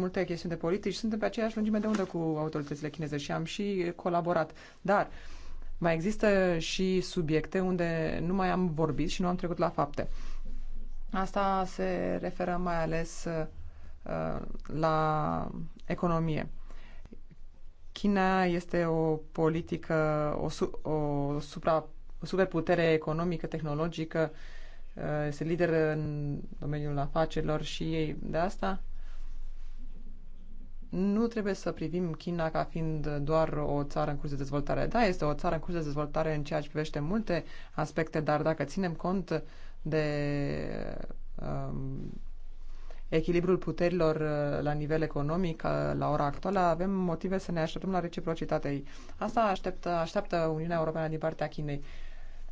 multe chestiuni de politici, suntem pe aceeași lungime de undă cu autoritățile chineze și am și colaborat. Dar mai există și subiecte unde nu mai am vorbit și nu am trecut la fapte. Asta se referă mai ales uh, la economie. China este o politică, o, su- o supra, o superputere economică, tehnologică, uh, este lider în domeniul afacerilor și ei de asta nu trebuie să privim China ca fiind doar o țară în curs de dezvoltare. Da, este o țară în curs de dezvoltare în ceea ce privește multe aspecte, dar dacă ținem cont de um, echilibrul puterilor uh, la nivel economic uh, la ora actuală, avem motive să ne așteptăm la reciprocitate ei. Asta așteptă, așteaptă Uniunea Europeană din partea Chinei.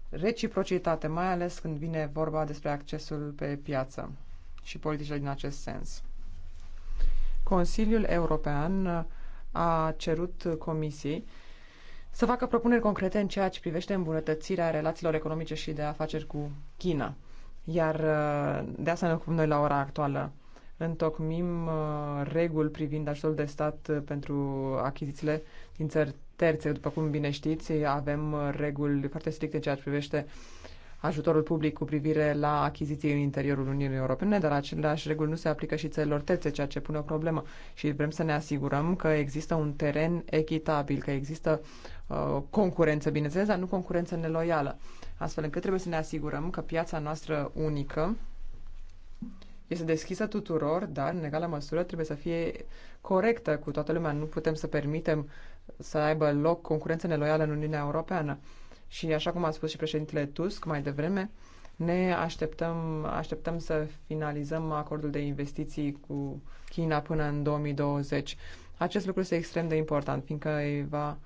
Reciprocitate, mai ales când vine vorba despre accesul pe piață și politicile din acest sens. Consiliul European uh, a cerut Comisiei să facă propuneri concrete în ceea ce privește îmbunătățirea relațiilor economice și de afaceri cu China. Iar uh, de asta ne ocupăm noi la ora actuală. Întocmim uh, reguli privind ajutorul de stat pentru achizițiile din țări terțe. După cum bine știți, avem reguli foarte stricte în ceea ce privește ajutorul public cu privire la achiziții în interiorul Uniunii Europene, dar aceleași reguli nu se aplică și țărilor terțe, ceea ce pune o problemă. Și vrem să ne asigurăm că există un teren echitabil, că există uh, concurență, bineînțeles, dar nu concurență neloială. Astfel încât trebuie să ne asigurăm că piața noastră unică este deschisă tuturor, dar în egală măsură trebuie să fie corectă cu toată lumea. Nu putem să permitem să aibă loc concurență neloială în Uniunea Europeană. Și așa cum a spus și președintele Tusk mai devreme, ne așteptăm, așteptăm să finalizăm acordul de investiții cu China până în 2020. Acest lucru este extrem de important, fiindcă va,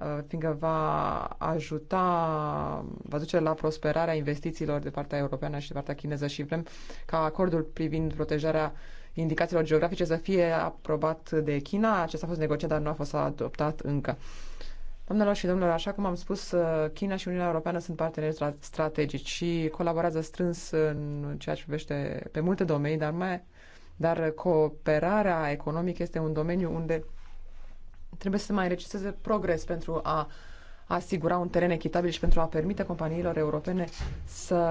uh, fiindcă va ajuta, va duce la prosperarea investițiilor de partea europeană și de partea chineză și vrem ca acordul privind protejarea indicațiilor geografice să fie aprobat de China. Acesta a fost negociat, dar nu a fost adoptat încă. Domnilor și domnilor, așa cum am spus, uh, China și Uniunea Europeană sunt parteneri strategici și colaborează strâns în ceea ce privește pe multe domenii, dar mai dar cooperarea economică este un domeniu unde trebuie să mai registreze progres pentru a asigura un teren echitabil și pentru a permite companiilor europene să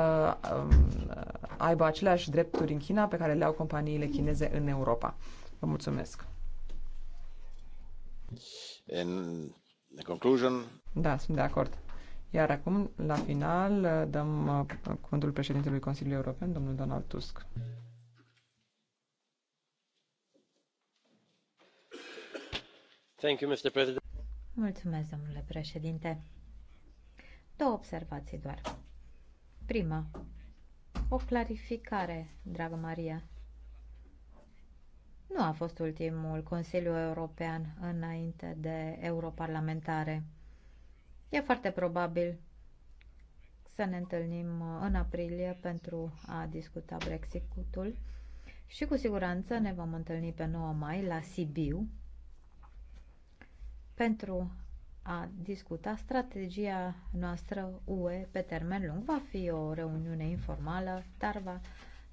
um, aibă aceleași drepturi în China pe care le au companiile chineze în Europa. Vă mulțumesc! The conclusion. Da, sunt de acord. Iar acum, la final, dăm uh, cuvântul președintelui Consiliului European, domnul Donald Tusk. Thank you, Mr. President. Mulțumesc, domnule președinte. Două observații doar. Prima, o clarificare, dragă Maria nu a fost ultimul Consiliu European înainte de europarlamentare. E foarte probabil să ne întâlnim uh, în aprilie pentru a discuta Brexitul și cu siguranță ne vom întâlni pe 9 mai la Sibiu pentru a discuta strategia noastră UE pe termen lung. Va fi o reuniune informală, dar va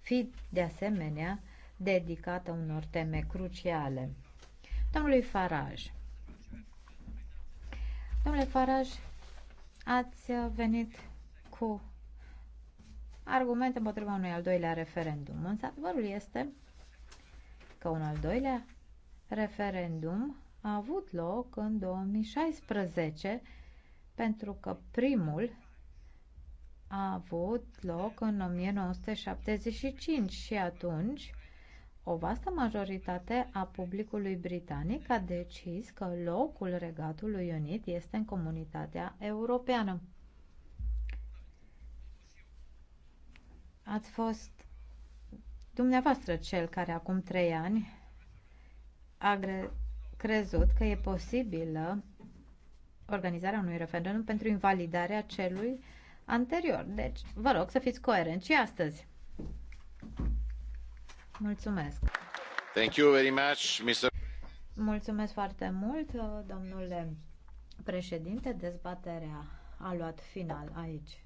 fi de asemenea dedicată unor teme cruciale. Domnului Faraj. Domnule Faraj, ați venit cu argumente împotriva unui al doilea referendum. Însă adevărul este că un al doilea referendum a avut loc în 2016 pentru că primul a avut loc în 1975 și atunci o vastă majoritate a publicului britanic a decis că locul Regatului Unit este în comunitatea europeană. Ați fost dumneavoastră cel care acum trei ani a crezut că e posibilă organizarea unui referendum pentru invalidarea celui anterior. Deci, vă rog să fiți coerenți și astăzi. Mulțumesc! Thank you very much, Mr. Mulțumesc foarte mult, domnule președinte. Dezbaterea a luat final aici.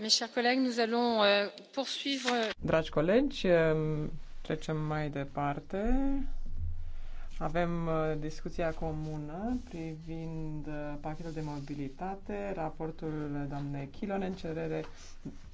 Euh, euh, Dragi colegi, um, trecem mai departe. Avem uh, discuția comună privind uh, pachetul de mobilitate, raportul doamnei Chilonen, cerere,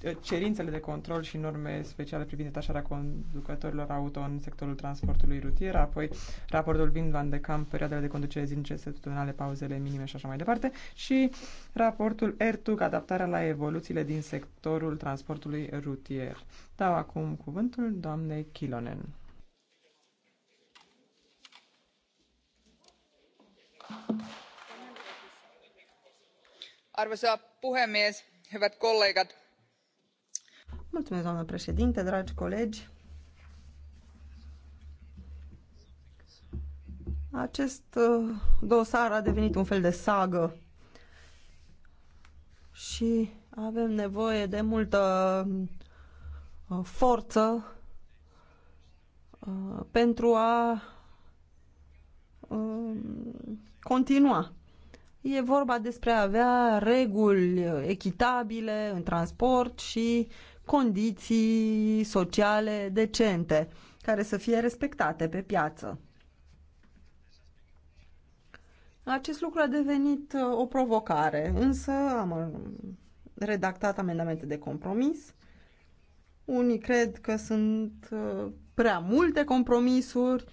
uh, cerințele de control și norme speciale privind detașarea conducătorilor auto în sectorul transportului rutier, apoi raportul Vin Van de Camp, perioadele de conducere zilnice, săptămânale, pauzele minime și așa mai departe, și raportul ERTUG, adaptarea la evoluțiile din sectorul transportului rutier. Dau acum cuvântul doamnei Chilonen. arvoisa puhemies hyvät kollegat doamnă președintă dragi colegi acest uh, dosar a devenit un fel de sagă și avem nevoie de multă uh, forță uh, pentru a Um, continua. E vorba despre a avea reguli echitabile în transport și condiții sociale decente care să fie respectate pe piață. Acest lucru a devenit uh, o provocare, însă am uh, redactat amendamente de compromis. Unii cred că sunt uh, prea multe compromisuri,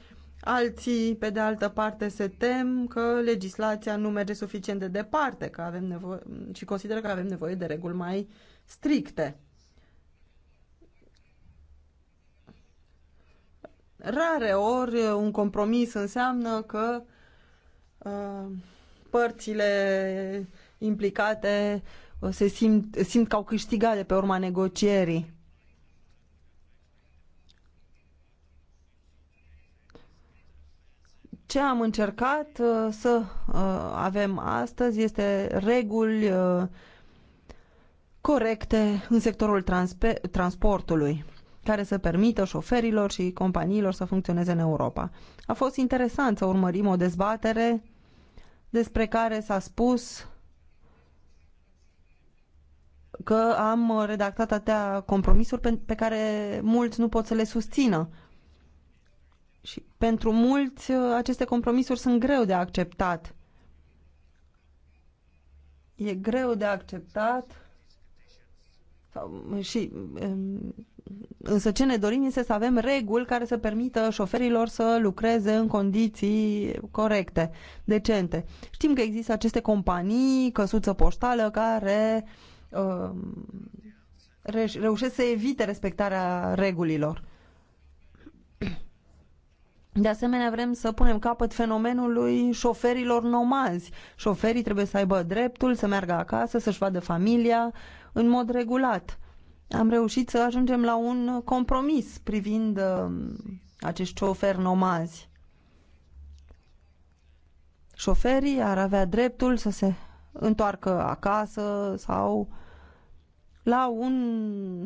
Alții, pe de altă parte, se tem că legislația nu merge suficient de departe că avem nevoie, și consideră că avem nevoie de reguli mai stricte. Rare ori un compromis înseamnă că uh, părțile implicate uh, se simt, simt că au câștigat de pe urma negocierii. Ce am încercat uh, să uh, avem astăzi este reguli uh, corecte în sectorul transportului care să permită șoferilor și companiilor să funcționeze în Europa. A fost interesant să urmărim o dezbatere despre care s-a spus că am redactat atâtea compromisuri pe care mulți nu pot să le susțină. Și pentru mulți uh, aceste compromisuri sunt greu de acceptat. E greu de acceptat și um, însă ce ne dorim este să avem reguli care să permită șoferilor să lucreze în condiții corecte, decente. Știm că există aceste companii, căsuță poștală, care uh, reușesc să evite respectarea regulilor. De asemenea, vrem să punem capăt fenomenului șoferilor nomazi. Șoferii trebuie să aibă dreptul să meargă acasă, să-și vadă familia în mod regulat. Am reușit să ajungem la un compromis privind uh, acești șoferi nomazi. Șoferii ar avea dreptul să se întoarcă acasă sau la un,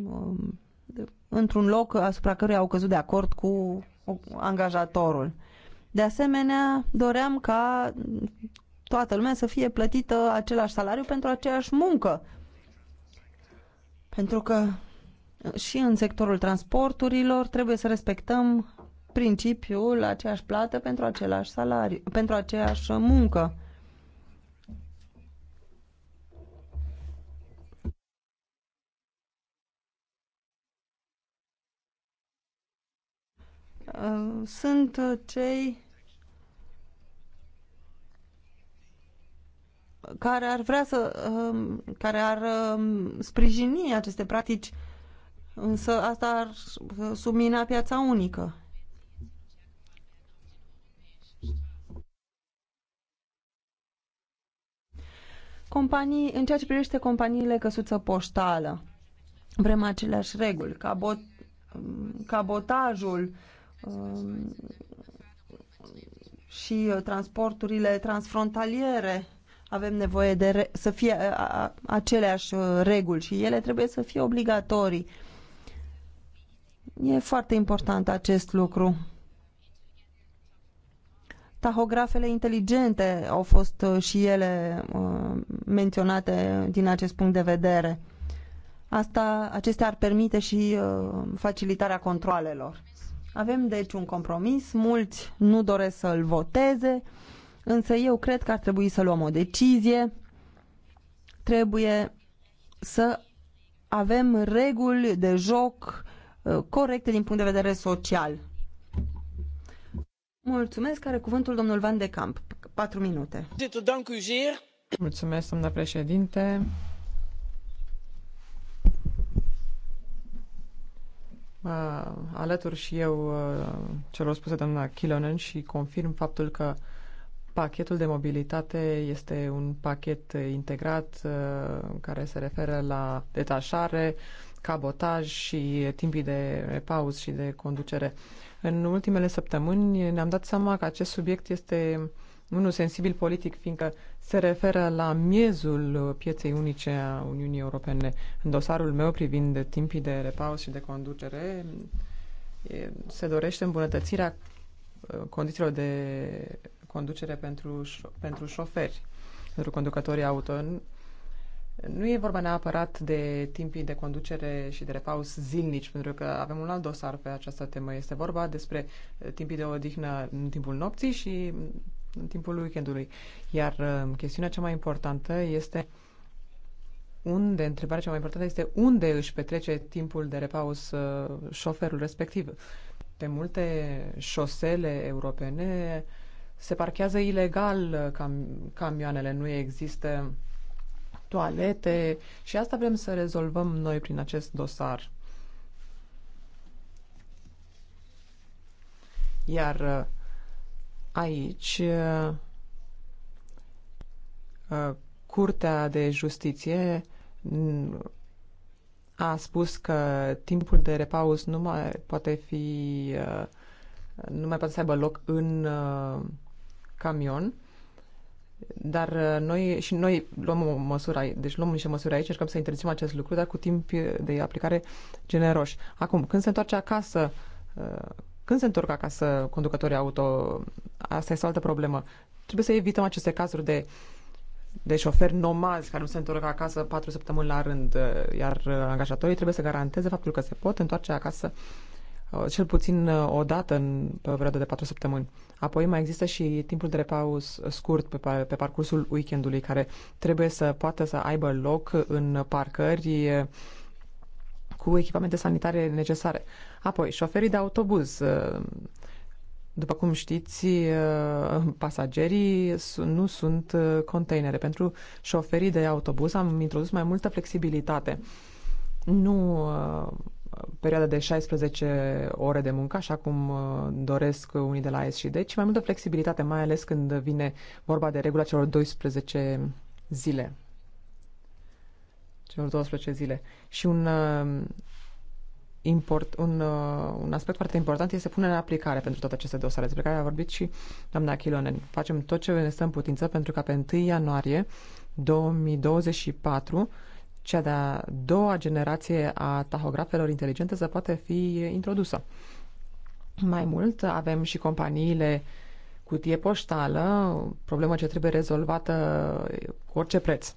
uh, într-un loc asupra căruia au căzut de acord cu angajatorul. De asemenea, doream ca toată lumea să fie plătită același salariu pentru aceeași muncă. Pentru că și în sectorul transporturilor trebuie să respectăm principiul aceeași plată pentru același salariu, pentru aceeași muncă. Ehm, sunt uh, cei care ar vrea să ehm, care ar ehm, sprijini aceste practici însă asta ar submina piața unică. Companii, în ceea ce privește companiile căsuță poștală, vrem aceleași reguli, cabot, cabotajul, Um, și uh, transporturile transfrontaliere avem nevoie de să fie aceleași uh, reguli și ele trebuie să fie obligatorii. E foarte important acest lucru. Tahografele inteligente au fost uh, și ele menționate din acest punct de vedere. Asta, acestea ar permite și facilitarea controalelor. Avem deci un compromis, mulți nu doresc să-l voteze, însă eu cred că ar trebui să luăm o decizie. Trebuie să avem reguli de joc uh, corecte din punct de vedere social. Mulțumesc, are cuvântul domnul Van de Camp. Patru minute. Mulțumesc, doamna președinte. Uh, alături alătur și eu uh, celor spuse doamna Kilonen și confirm faptul că pachetul de mobilitate este un pachet integrat uh, care se referă la detașare, cabotaj și timpii de repaus și de conducere. În ultimele săptămâni ne-am dat seama că acest subiect este unul sensibil politic, fiindcă se referă la miezul pieței unice a Uniunii Europene. În dosarul meu privind de timpii de repaus și de conducere, se dorește îmbunătățirea uh, condițiilor de conducere pentru, pentru șoferi, pentru conducătorii auto. Nu e vorba neapărat de timpii de conducere și de repaus zilnici, pentru că avem un alt dosar pe această temă. Este vorba despre uh, timpii de odihnă în timpul nopții și în timpul weekendului. Iar um, chestiunea cea mai importantă este unde, întrebarea cea mai importantă este unde își petrece timpul de repaus uh, șoferul respectiv. Pe multe șosele europene se parchează ilegal uh, cam, camioanele, nu există toalete și asta vrem să rezolvăm noi prin acest dosar. Iar uh, aici uh, uh, Curtea de Justiție a spus că timpul de repaus nu mai poate fi uh, nu mai poate să aibă loc în camion dar noi și noi luăm o măsură, deci luăm niște măsuri aici, încercăm să interzicem acest lucru, dar cu timp de aplicare generoși. Acum, când se întoarce acasă când se întorc acasă conducătorii auto, asta este o altă problemă. Trebuie să evităm aceste cazuri de de șoferi nomazi care nu se întorc acasă patru săptămâni la rând, eh, iar eh, angajatorii trebuie să garanteze faptul că se pot întoarce acasă eh, cel puțin o dată în pe o perioadă de patru săptămâni. Apoi mai există și timpul de repaus scurt pe, pe parcursul weekendului, care trebuie să poată să aibă loc în parcări cu echipamente sanitare necesare. Apoi, șoferii de autobuz. Uh, după cum știți, uh, pasagerii nu sunt uh, containere. Pentru șoferii de autobuz am introdus mai multă flexibilitate. Nu perioada de 16 ore de muncă, așa cum doresc unii de la S și D, ci mai multă flexibilitate, mai ales când vine vorba de regula celor 12 zile celor 12 zile. Și un, um, import, un, uh, un aspect foarte important este punerea în aplicare pentru toate aceste dosare, despre care a vorbit și doamna Chilonen. Facem tot ce ne stă în putință pentru ca pe 1 ianuarie 2024 cea de-a doua generație a tahografelor inteligente să poate fi introdusă. Mai mult, avem și companiile cutie poștală, problemă ce trebuie rezolvată cu orice preț.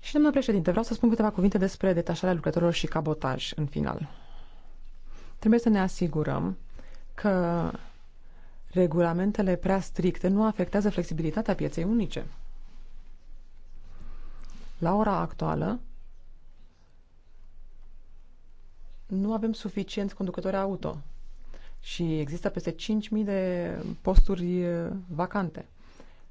Și, domnule președinte, vreau să spun câteva cuvinte despre detașarea lucrătorilor și cabotaj în final. Trebuie să ne asigurăm că regulamentele prea stricte nu afectează flexibilitatea pieței unice. La ora actuală, nu avem suficienți conducători auto și există peste 5.000 de posturi vacante.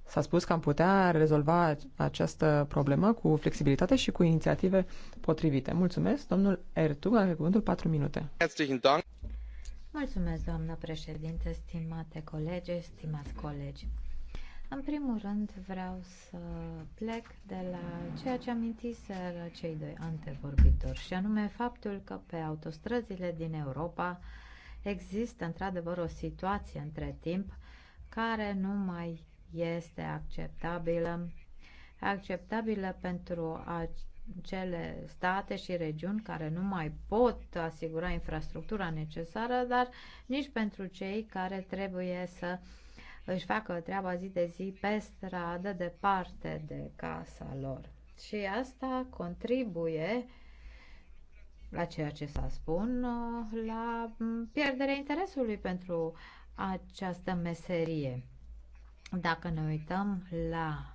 S-a spus că am putea rezolva această problemă cu flexibilitate și cu inițiative potrivite. Mulțumesc, domnul Ertug, are cuvântul 4 minute. Mulțumesc, doamnă președinte, stimate colegi, stimați colegi. În primul rând vreau să plec de la ceea ce amintiseră cei doi antevorbitori și anume faptul că pe autostrăzile din Europa există într-adevăr o situație între timp care nu mai este acceptabilă, acceptabilă pentru acele state și regiuni care nu mai pot asigura infrastructura necesară, dar nici pentru cei care trebuie să își facă treaba zi de zi pe stradă, departe de casa lor. Și asta contribuie la ceea ce s-a spun, la pierderea interesului pentru această meserie. Dacă ne uităm la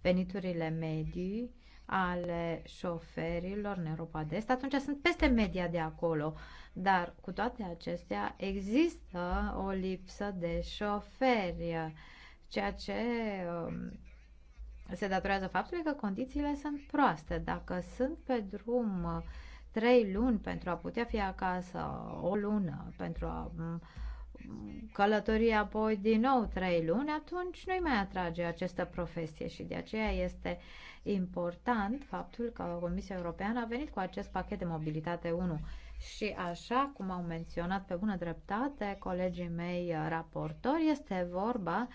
veniturile medii ale șoferilor în Europa de Est, atunci sunt peste media de acolo. Dar cu toate acestea există o lipsă de șoferi, ceea ce um, se datorează faptului că condițiile sunt proaste. Dacă sunt pe drum uh, trei luni pentru a putea fi acasă, o lună pentru a călătorie apoi din nou trei luni, atunci nu-i mai atrage această profesie și de aceea este important faptul că Comisia Europeană a venit cu acest pachet de mobilitate 1. Și așa cum au menționat pe bună dreptate colegii mei uh, raportori, este vorba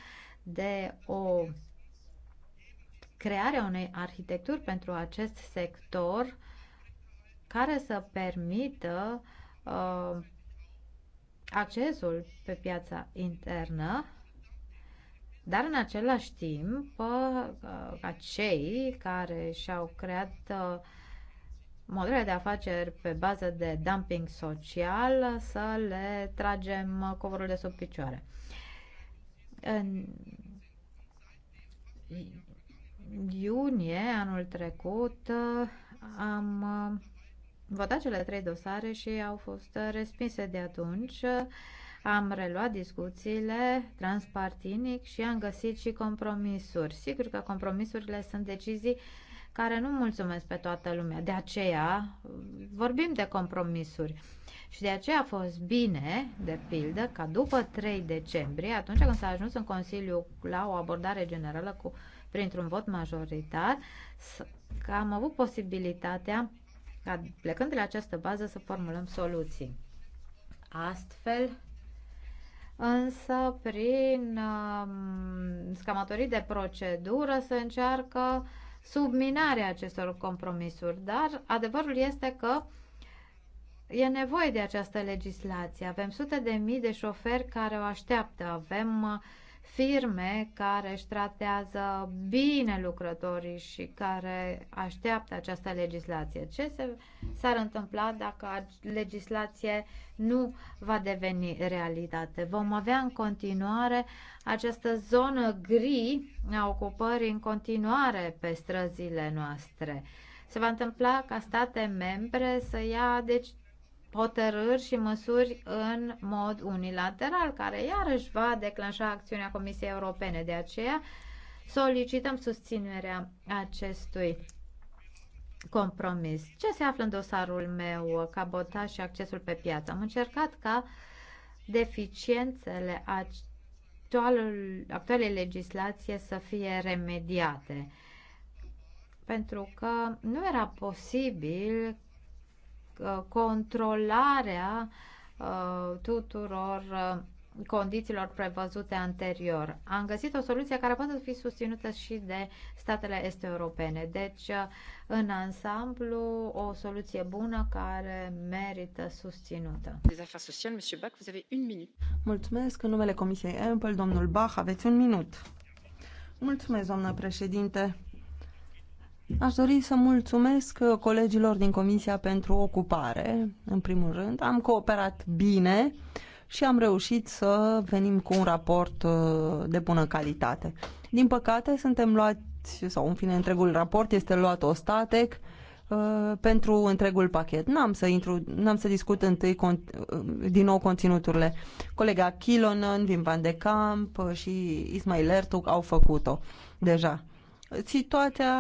de o crearea unei arhitecturi pentru acest sector care să permită uh, accesul pe piața internă, dar în același timp, uh, ca cei care și-au creat uh, modele de afaceri pe bază de dumping social, să le tragem covorul de sub picioare. În iunie anul trecut uh, am votat cele trei dosare și au fost respinse de atunci. Am reluat discuțiile transpartinic și am găsit și compromisuri. Sigur că compromisurile sunt decizii care nu mulțumesc pe toată lumea. De aceea vorbim de compromisuri. Și de aceea a fost bine, de pildă, ca după 3 decembrie, atunci când s-a ajuns în Consiliu la o abordare generală cu, printr-un vot majoritar, că am avut posibilitatea plecând de la această bază să formulăm soluții. Astfel, însă, prin uh, scamatorii de procedură să încearcă subminarea acestor compromisuri, dar adevărul este că e nevoie de această legislație. Avem sute de mii de șoferi care o așteaptă, avem uh, firme care își tratează bine lucrătorii și care așteaptă această legislație. Ce se, s-ar întâmpla dacă legislație nu va deveni realitate? Vom avea în continuare această zonă gri a ocupării în continuare pe străzile noastre. Se va întâmpla ca state membre să ia deci hotărâri și măsuri în mod unilateral, care iarăși va declanșa acțiunea Comisiei Europene. De aceea solicităm susținerea acestui compromis. Ce se află în dosarul meu, cabotaj și accesul pe piață? Am încercat ca deficiențele actualei legislație să fie remediate pentru că nu era posibil Uh, controlarea uh, tuturor uh, condițiilor prevăzute anterior. Am găsit o soluție care poate fi susținută și de statele este europene. Deci, în ansamblu, o soluție bună care merită susținută. Bach, Mulțumesc. În numele Comisiei Ample, domnul Bach, aveți un minut. Mulțumesc, doamnă președinte. Aș dori să mulțumesc uh, colegilor din Comisia pentru Ocupare, în primul rând. Am cooperat bine și am reușit să venim cu un raport uh, de bună calitate. Din păcate, suntem luați, sau în fine, întregul raport este luat ostatec uh, pentru întregul pachet. N-am să, intru, n-am să discut întâi din nou conținuturile. Colega Kilonen, Vim Van de Camp și Ismail Ertuc au făcut-o deja situația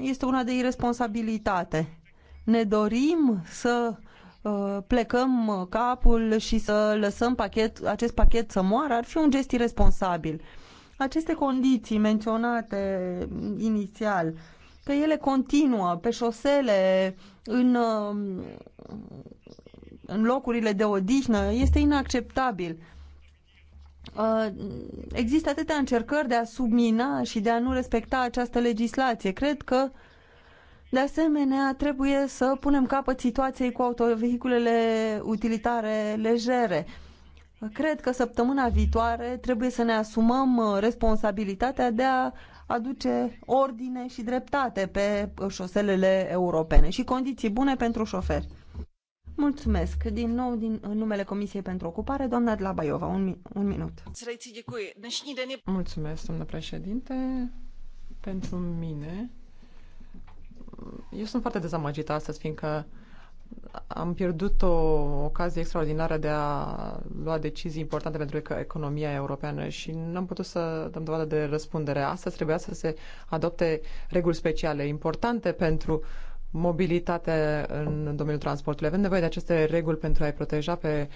este una de irresponsabilitate. Ne dorim să uh, plecăm capul și să lăsăm pachet, acest pachet să moară, ar fi un gest irresponsabil. Aceste condiții menționate inițial, că ele continuă pe șosele, în, uh, în locurile de odihnă, este inacceptabil. Uh, există atâtea încercări de a submina și de a nu respecta această legislație. Cred că de asemenea, trebuie să punem capăt situației cu autovehiculele utilitare legere. Cred că săptămâna viitoare trebuie să ne asumăm uh, responsabilitatea de a aduce ordine și dreptate pe uh, șoselele europene și condiții bune pentru șoferi. Mulțumesc. Din nou, din în numele Comisiei pentru Ocupare, doamna Baiova, un, un minut. Mulțumesc, doamnă președinte. Pentru mine, eu sunt foarte dezamăgită astăzi, fiindcă am pierdut o ocazie extraordinară de a lua decizii importante pentru economia europeană și nu am putut să dăm dovadă de răspundere. Astăzi trebuia să se adopte reguli speciale importante pentru uh, mobilitate în domeniul transportului. Avem nevoie de aceste reguli pentru a-i proteja pe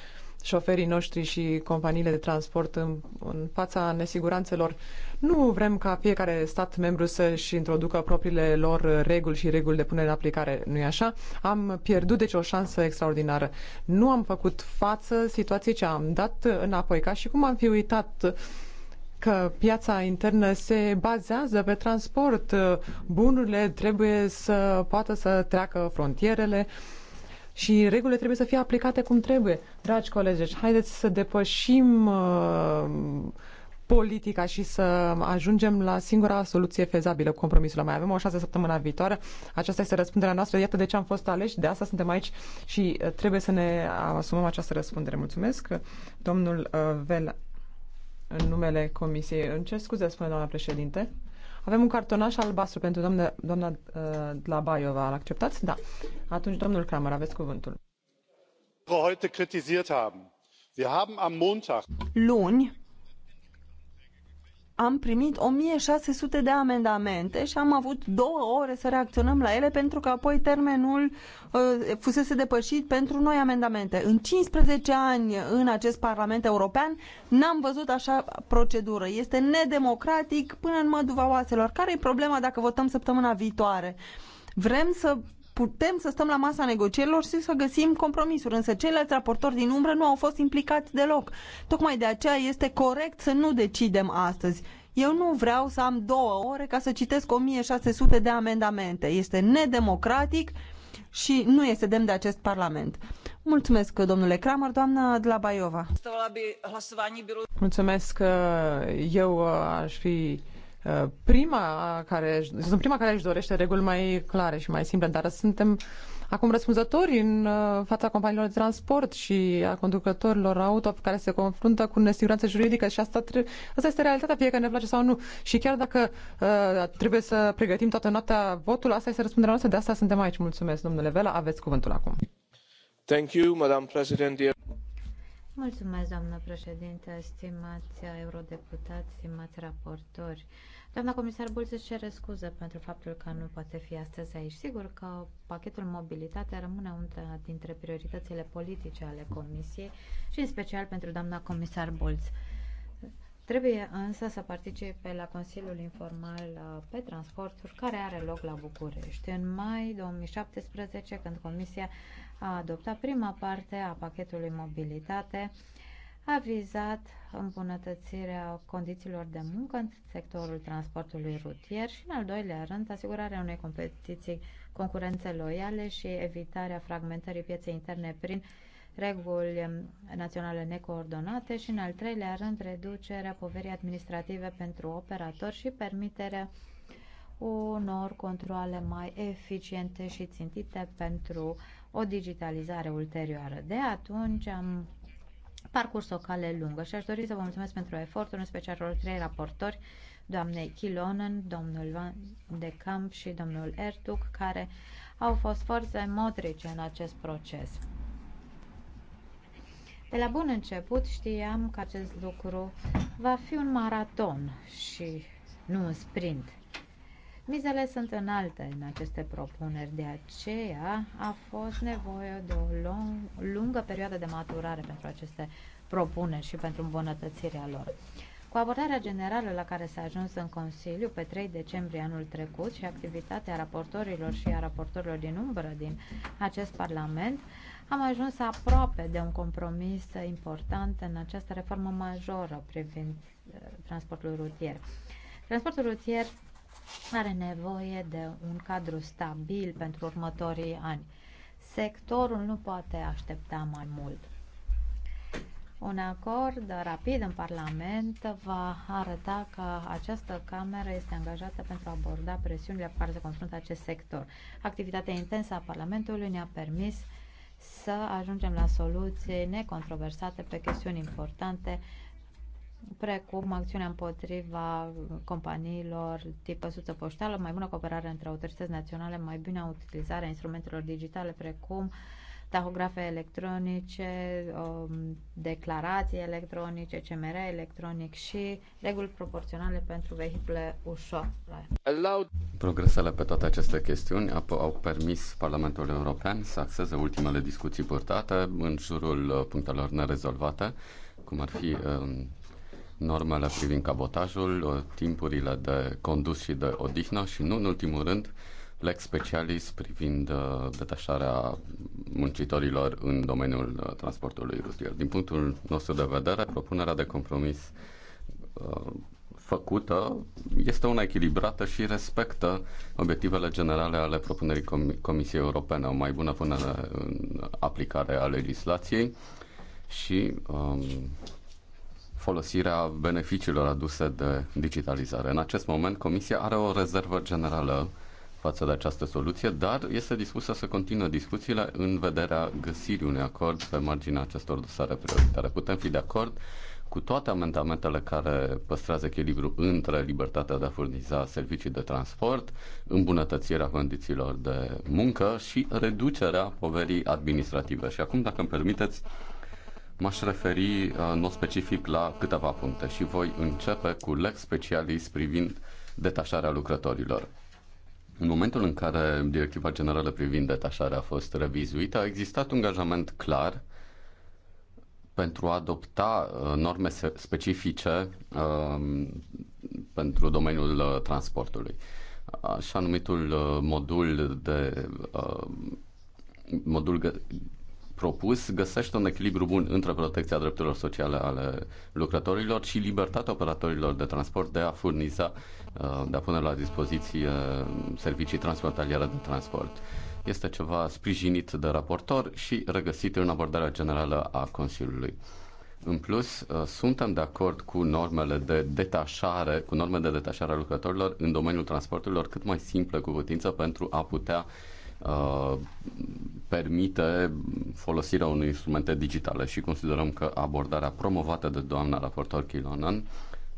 șoferii noștri și companiile de transport în, în fața nesiguranțelor. Nu vrem ca fiecare stat membru să-și introducă propriile lor reguli și reguli de punere în aplicare, nu-i așa? Am pierdut deci o șansă extraordinară. Nu am făcut față situației ce am dat înapoi, ca și cum am fi uitat că piața internă se bazează pe transport. Bunurile trebuie să poată să treacă frontierele și regulile trebuie să fie aplicate cum trebuie. Dragi colegi, deci haideți să depășim uh, politica și să ajungem la singura soluție fezabilă, compromisul. Mai avem o șase săptămâna viitoare. Aceasta este răspunderea noastră. Iată de ce am fost aleși, de asta suntem aici și uh, trebuie să ne asumăm această răspundere. Mulțumesc, domnul uh, Vela în numele Comisiei. În ce scuze, spune doamna președinte. Avem un cartonaș albastru pentru doamna, doamna uh, Dlabaiova. L acceptați? Da. Atunci, domnul Kramer, aveți cuvântul. Luni, am primit 1600 de amendamente și am avut două ore să reacționăm la ele pentru că apoi termenul uh, fusese depășit pentru noi amendamente. În 15 ani în acest Parlament European n-am văzut așa procedură. Este nedemocratic până în măduva oaselor. Care e problema dacă votăm săptămâna viitoare? Vrem să putem să stăm la masa negocierilor și să găsim compromisuri, însă ceilalți raportori din umbră nu au fost implicați deloc. Tocmai de aceea este corect să nu decidem astăzi. Eu nu vreau să am două ore ca să citesc 1600 de amendamente. Este nedemocratic și nu este demn de acest Parlament. Mulțumesc, domnule Kramer, doamna de la Baiova. Mulțumesc, eu uh, aș fi prima care, sunt prima care își dorește reguli mai clare și mai simple, dar suntem acum răspunzători în uh, fața companiilor de transport și a conducătorilor auto care se confruntă cu nesiguranță juridică și asta, tre- asta este realitatea, fie că ne place sau nu. Și chiar dacă uh, trebuie să pregătim toată noaptea votul, asta este răspunderea noastră, de asta suntem aici. Mulțumesc, domnule Vela, aveți cuvântul acum. Thank you, Madam President. Dear... Mulțumesc, doamnă președinte, stimați eurodeputați, stimați raportori. Doamna comisar Bulț își cere scuze pentru faptul că nu poate fi astăzi aici. Sigur că pachetul mobilitate rămâne una dintre prioritățile politice ale Comisiei și în special pentru doamna comisar Bulț. Trebuie însă să participe la Consiliul Informal uh, pe Transporturi, care are loc la București. În mai 2017, când Comisia a adoptat prima parte a pachetului mobilitate a vizat îmbunătățirea condițiilor de muncă în sectorul transportului rutier și, în al doilea rând, asigurarea unei competiții concurențe loiale și evitarea fragmentării pieței interne prin reguli naționale necoordonate și, în al treilea rând, reducerea poverii administrative pentru operatori și permiterea unor controle mai eficiente și țintite pentru o digitalizare ulterioară. De atunci am parcurs o cale lungă și aș dori să vă mulțumesc pentru efortul, în special rolul trei raportori, doamnei Kilonen, domnul Van de Camp și domnul Ertuc, care au fost forțe motrice în acest proces. De la bun început știam că acest lucru va fi un maraton și nu un sprint. Mizele sunt înalte în aceste propuneri, de aceea a fost nevoie de o lung, lungă perioadă de maturare pentru aceste propuneri și pentru îmbunătățirea lor. Cu abordarea generală la care s-a ajuns în Consiliu pe 3 decembrie anul trecut și activitatea raportorilor și a raportorilor din umbră din acest Parlament, am ajuns aproape de un compromis important în această reformă majoră privind eh, transportul rutier. Transportul rutier are nevoie de un cadru stabil pentru următorii ani. Sectorul nu poate aștepta mai mult. Un acord rapid în Parlament va arăta că această cameră este angajată pentru a aborda presiunile pe care se confruntă acest sector. Activitatea intensă a Parlamentului ne-a permis să ajungem la soluții necontroversate pe chestiuni importante precum acțiunea împotriva companiilor tip căsuță poștală, mai bună cooperare între autorități naționale, mai bună utilizarea instrumentelor digitale precum tahografe electronice, um, declarații electronice, CMR electronic și reguli proporționale pentru vehicule ușoare. Progresele pe toate aceste chestiuni au permis Parlamentului European să axeze ultimele discuții purtate în jurul uh, punctelor nerezolvate, cum ar fi um, normele privind cabotajul, uh, timpurile de condus și de odihnă și, nu în ultimul rând, lex specialis privind uh, detașarea muncitorilor în domeniul uh, transportului rutier. Din punctul nostru de vedere, propunerea de compromis făcută este una echilibrată și respectă obiectivele generale ale propunerii Com- Comisiei Europene, o mai bună punere în aplicare a legislației și um, folosirea beneficiilor aduse de digitalizare. În acest moment, Comisia are o rezervă generală față de această soluție, dar este dispusă să continue discuțiile în vederea găsirii unui acord pe marginea acestor dosare prioritare. Putem fi de acord cu toate amendamentele care păstrează echilibru între libertatea de a furniza servicii de transport, îmbunătățirea condițiilor de muncă și reducerea poverii administrative. Și acum, dacă îmi permiteți, m-aș referi uh, în mod specific la câteva puncte și voi începe cu lex specialist privind detașarea lucrătorilor. În momentul în care Directiva Generală privind detașarea a fost revizuită, a existat un angajament clar pentru a adopta uh, norme specifice um, pentru domeniul uh, transportului. Așa numitul modul de modul propus găsește un echilibru bun între protecția drepturilor sociale ale lucrătorilor și libertatea operatorilor de transport de a furniza, uh, de a pune la dispoziție uh, servicii transfrontaliere de transport. Este ceva sprijinit de raportor și regăsit în abordarea generală a Consiliului. În plus, uh, suntem de acord cu normele de detașare, cu normele de detașare a lucrătorilor în domeniul transporturilor cât mai simple cu putință pentru a putea uh, Uh, permite folosirea unui instrumente digitale și considerăm că abordarea promovată de doamna raportor Kilonan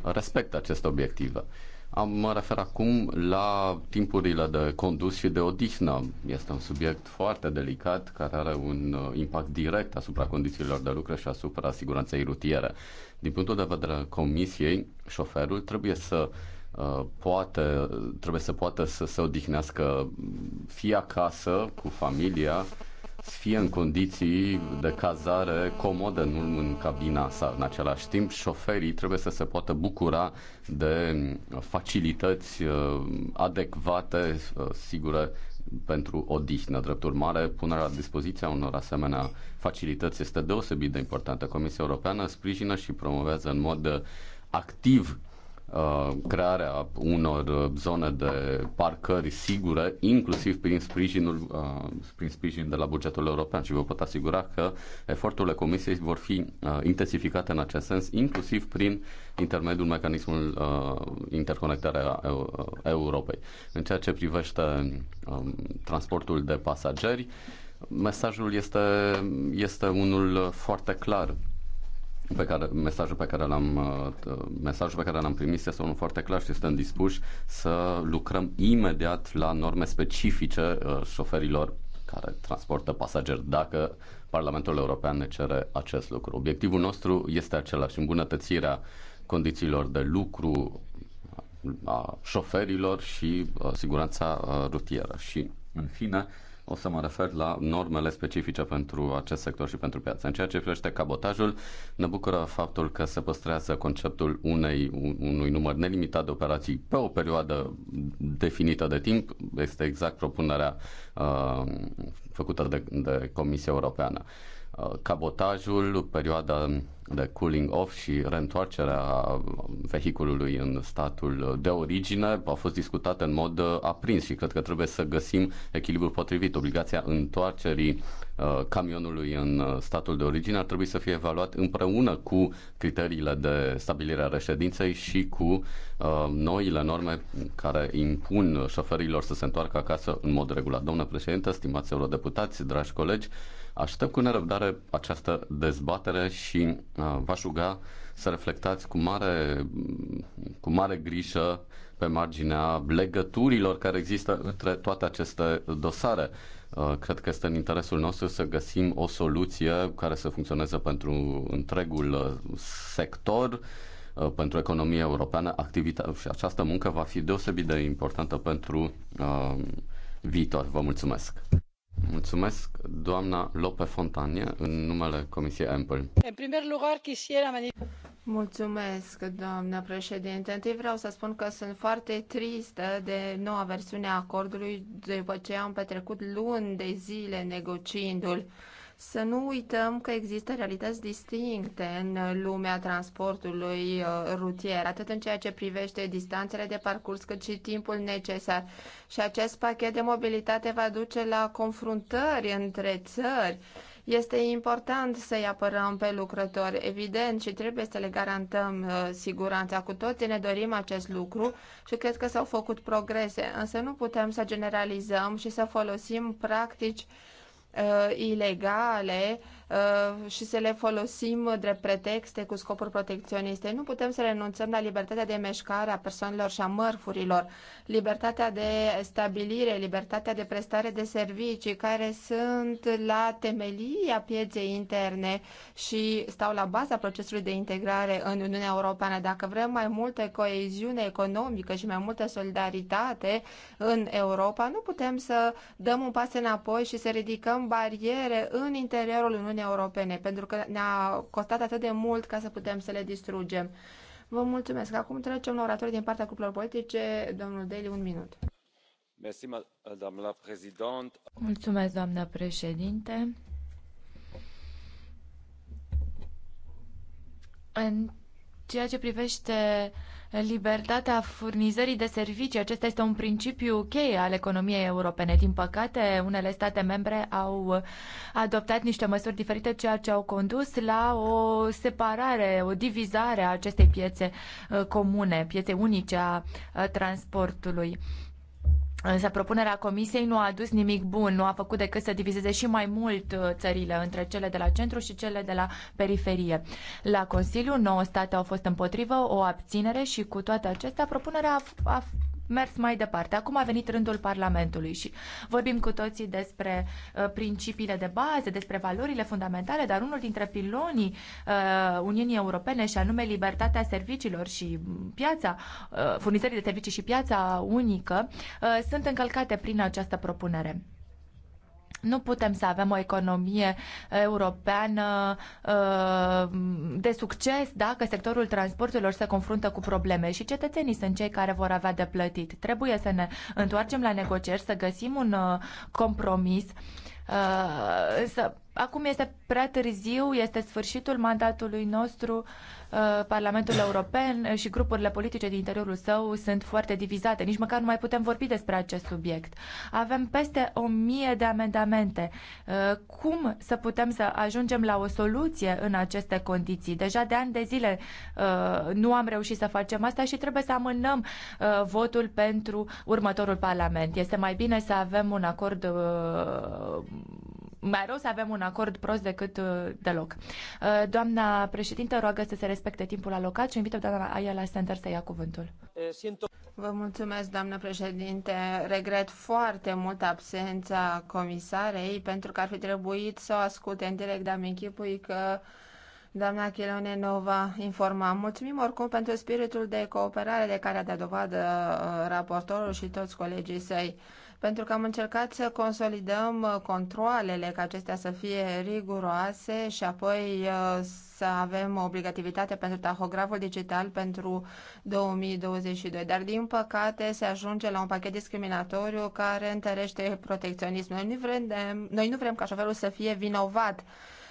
respectă aceste obiective. Am, mă refer acum la timpurile de condus și de odihnă. Este un subiect foarte delicat care are un uh, impact direct asupra condițiilor de lucru și asupra siguranței rutiere. Din punctul de vedere al Comisiei, șoferul trebuie să uh, Uh, poate, trebuie să poată să se odihnească fie acasă, cu familia, fie în condiții de cazare comodă, nu în cabina sa. În același timp, șoferii trebuie să se poată bucura de facilități uh, adecvate, uh, sigure pentru odihnă. Drept urmare, punerea la dispoziția unor asemenea facilități este deosebit de importantă. Comisia Europeană sprijină și promovează în mod activ Uh, crearea unor uh, zone de parcări sigure, inclusiv prin sprijinul, uh, prin sprijin de la bugetul european și vă pot asigura că eforturile Comisiei vor fi intensificate în acest sens, inclusiv prin intermediul mecanismului interconectarea Europei. În ceea ce privește um, transportul de pasageri, mesajul este, este unul foarte clar pe care, mesajul pe care l-am uh, mesajul pe care l-am primit este unul foarte clar și suntem dispuși să lucrăm imediat la norme specifice uh, șoferilor care transportă pasageri dacă Parlamentul European ne cere acest lucru. Obiectivul nostru este același, îmbunătățirea condițiilor de lucru a șoferilor și uh, siguranța rutieră. Și, în fine, o să mă refer la normele specifice pentru acest sector și pentru piață. În ceea ce privește cabotajul, ne bucură faptul că se păstrează conceptul unei, unui număr nelimitat de operații pe o perioadă definită de timp. Este exact propunerea uh, făcută de, de Comisia Europeană. Uh, Uh, cabotajul, perioada de cooling off și reîntoarcerea vehiculului în statul de origine a fost discutată în mod uh, aprins și cred că trebuie să găsim echilibrul potrivit. Obligația întoarcerii uh, camionului în statul de origine ar trebui să fie evaluat împreună cu criteriile de stabilire a reședinței și cu noile norme care impun șoferilor să se întoarcă acasă în mod regulat. Domnule președinte, stimați eurodeputați, dragi colegi, Aștept cu nerăbdare această dezbatere și uh, v-aș ruga să reflectați cu mare, cu mare grijă pe marginea legăturilor care există între toate aceste dosare. Uh, cred că este în interesul nostru să găsim o soluție care să funcționeze pentru întregul uh, sector uh, pentru economia europeană activitatea și această muncă va fi deosebit de importantă pentru uh, viitor. Vă mulțumesc! Mulțumesc, doamna Lope Fontanie, în numele Comisiei Ample. În primul lugar, quisiera Mulțumesc, doamna președinte. Întâi vreau să spun că sunt foarte tristă de noua versiune a acordului după ce am petrecut luni de zile negociindu-l. Să nu uităm că există realități distincte în lumea transportului uh, rutier, atât în ceea ce privește distanțele de parcurs, cât și timpul necesar. Și acest pachet de mobilitate va duce la confruntări între țări. Este important să-i apărăm pe lucrători, evident, și trebuie să le garantăm uh, siguranța. Cu toții ne dorim acest lucru și cred că s-au făcut progrese, însă nu putem să generalizăm și să folosim practici uh, uh, ilegale uh, și să le folosim drept pretexte cu scopuri protecționiste. Nu putem să renunțăm la libertatea de mișcare a persoanelor și a mărfurilor, libertatea de stabilire, libertatea de prestare de servicii, care sunt la temelia pieței interne și stau la baza procesului de integrare în Uniunea Europeană. Dacă vrem mai multă coeziune economică și mai multă solidaritate în Europa, nu putem să dăm un pas înapoi și să ridicăm creăm bariere în interiorul Uniunii Europene, pentru că ne-a costat atât de mult ca să putem să le distrugem. Vă mulțumesc. Acum trecem la oratorii din partea grupurilor politice. Domnul Deli, un minut. Mulțumesc, doamna președinte. În ceea ce privește uh, Libertatea furnizării de servicii, acesta este un principiu cheie al economiei europene. Din păcate, unele state membre au adoptat niște măsuri diferite, ceea ce au condus la o separare, o divizare a acestei piețe uh, comune, piețe unice a transportului. Însă propunerea Comisiei nu a adus nimic bun, nu a făcut decât să divizeze și mai mult uh, țările între cele de la centru și cele de la periferie. La Consiliu, 9 state au fost împotrivă, o abținere și cu toate acestea propunerea a, a mers mai departe. Acum a venit rândul Parlamentului și vorbim cu toții despre uh, principiile de bază, despre valorile fundamentale, dar unul dintre pilonii uh, Uniunii Europene și anume libertatea serviciilor și piața, uh, furnizării de servicii și piața unică sunt încălcate prin această propunere. Nu putem să avem o economie uh, europeană uh, de succes dacă sectorul transporturilor se confruntă cu probleme și cetățenii sunt cei care vor avea de plătit. Trebuie să ne întoarcem la negocieri, să găsim un uh, compromis. Acum este prea târziu, este sfârșitul mandatului nostru. Uh, Parlamentul European uh, și grupurile politice din interiorul său sunt foarte divizate. Nici măcar nu mai putem vorbi despre acest subiect. Avem peste o mie de amendamente. Uh, cum să putem să ajungem la o soluție în aceste condiții? Deja de ani de zile nu am reușit să facem asta și trebuie să amânăm votul pentru următorul Parlament. Este mai bine să avem un acord mai rău să avem un acord prost decât uh, deloc. Uh, doamna președintă roagă să se respecte timpul alocat și invită doamna la Center să ia cuvântul. Vă mulțumesc, doamnă președinte. Regret foarte mult absența comisarei pentru că ar fi trebuit să o asculte în direct, dar mi-închipui că Doamna Chilone Nova informa. Mulțumim oricum pentru spiritul de cooperare de care a dat dovadă uh, raportorul și toți colegii săi pentru că am încercat să consolidăm uh, controlele, ca acestea să fie riguroase și apoi uh, să avem obligativitate pentru tahograful digital pentru 2022. Dar, din păcate, se ajunge la un pachet discriminatoriu care întărește protecționismul. Noi nu vrem, noi nu vrem ca șoferul să fie vinovat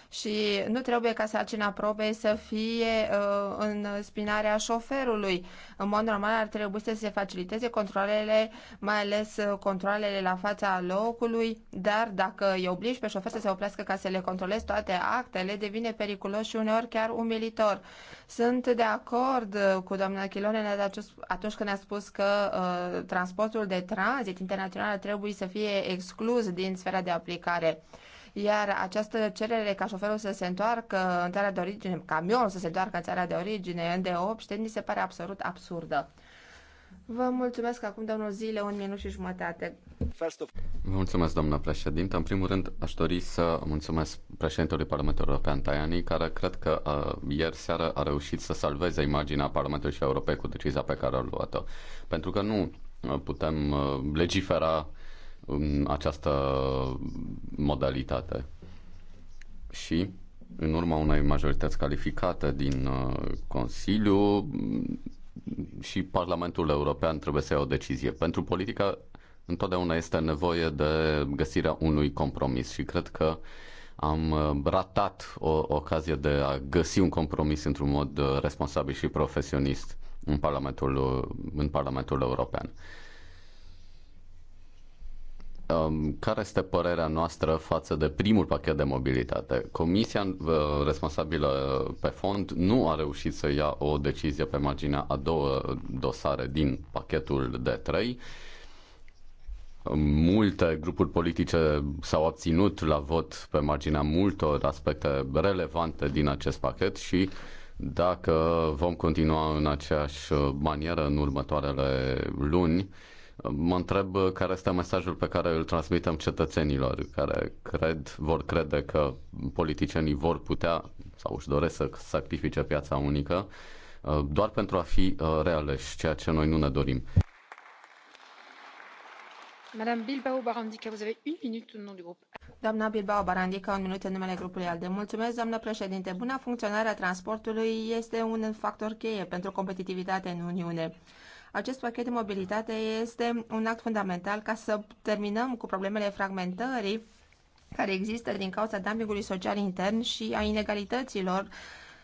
și nu trebuie ca sarcina probei să fie uh, în spinarea șoferului. În mod normal ar trebui să se faciliteze controlele, mai ales uh, controlele la fața locului, dar dacă îi obligi pe șofer să se oprească ca să le controlezi toate actele, devine periculos și uneori chiar umilitor. Sunt de acord uh, cu doamna Chilonene atunci când a spus că uh, transportul de tranzit internațional trebuie să fie exclus din sfera de aplicare. Iar această cerere ca șoferul să se întoarcă în țara de origine, camionul să se întoarcă în țara de origine, în de 8 mi se pare absolut absurdă. Vă mulțumesc acum, domnul Zile, un minut și jumătate. Vă mulțumesc, doamna președinte. În primul rând, aș dori să mulțumesc președintelui Parlamentului European, Tajani, care cred că uh, ieri seară a reușit să salveze imaginea Parlamentului și Europei cu decizia pe care a luat-o. Pentru că nu uh, putem uh, legifera în această modalitate. Și în urma unei majorități calificate din uh, Consiliu mm, și Parlamentul European trebuie să ia o decizie. Pentru politică întotdeauna este nevoie de găsirea unui compromis și cred că am uh, ratat o ocazie de a găsi un compromis într-un mod uh, responsabil și profesionist în Parlamentul, în Parlamentul European. Um, care este părerea noastră față de primul pachet de mobilitate? Comisia uh, responsabilă pe fond nu a reușit să ia o decizie pe marginea a două dosare din pachetul de trei. Multe grupuri politice s-au obținut la vot pe marginea multor aspecte relevante din acest pachet și dacă vom continua în aceeași manieră în următoarele luni, Mă întreb care este mesajul pe care îl transmitem cetățenilor care cred, vor crede că politicienii vor putea sau își doresc să sacrifice piața unică uh, doar pentru a fi uh, realeși, ceea ce noi nu ne dorim. Madame Bilbao Barandica, vous avez une minute au nom du groupe. Doamna Bilbao Barandica, un minut în numele grupului ALDE. Mulțumesc, doamnă președinte. Buna funcționare a transportului este un factor cheie pentru competitivitatea în Uniune. Acest pachet de mobilitate este un act fundamental ca să terminăm cu problemele fragmentării care există din cauza dumpingului social intern și a inegalităților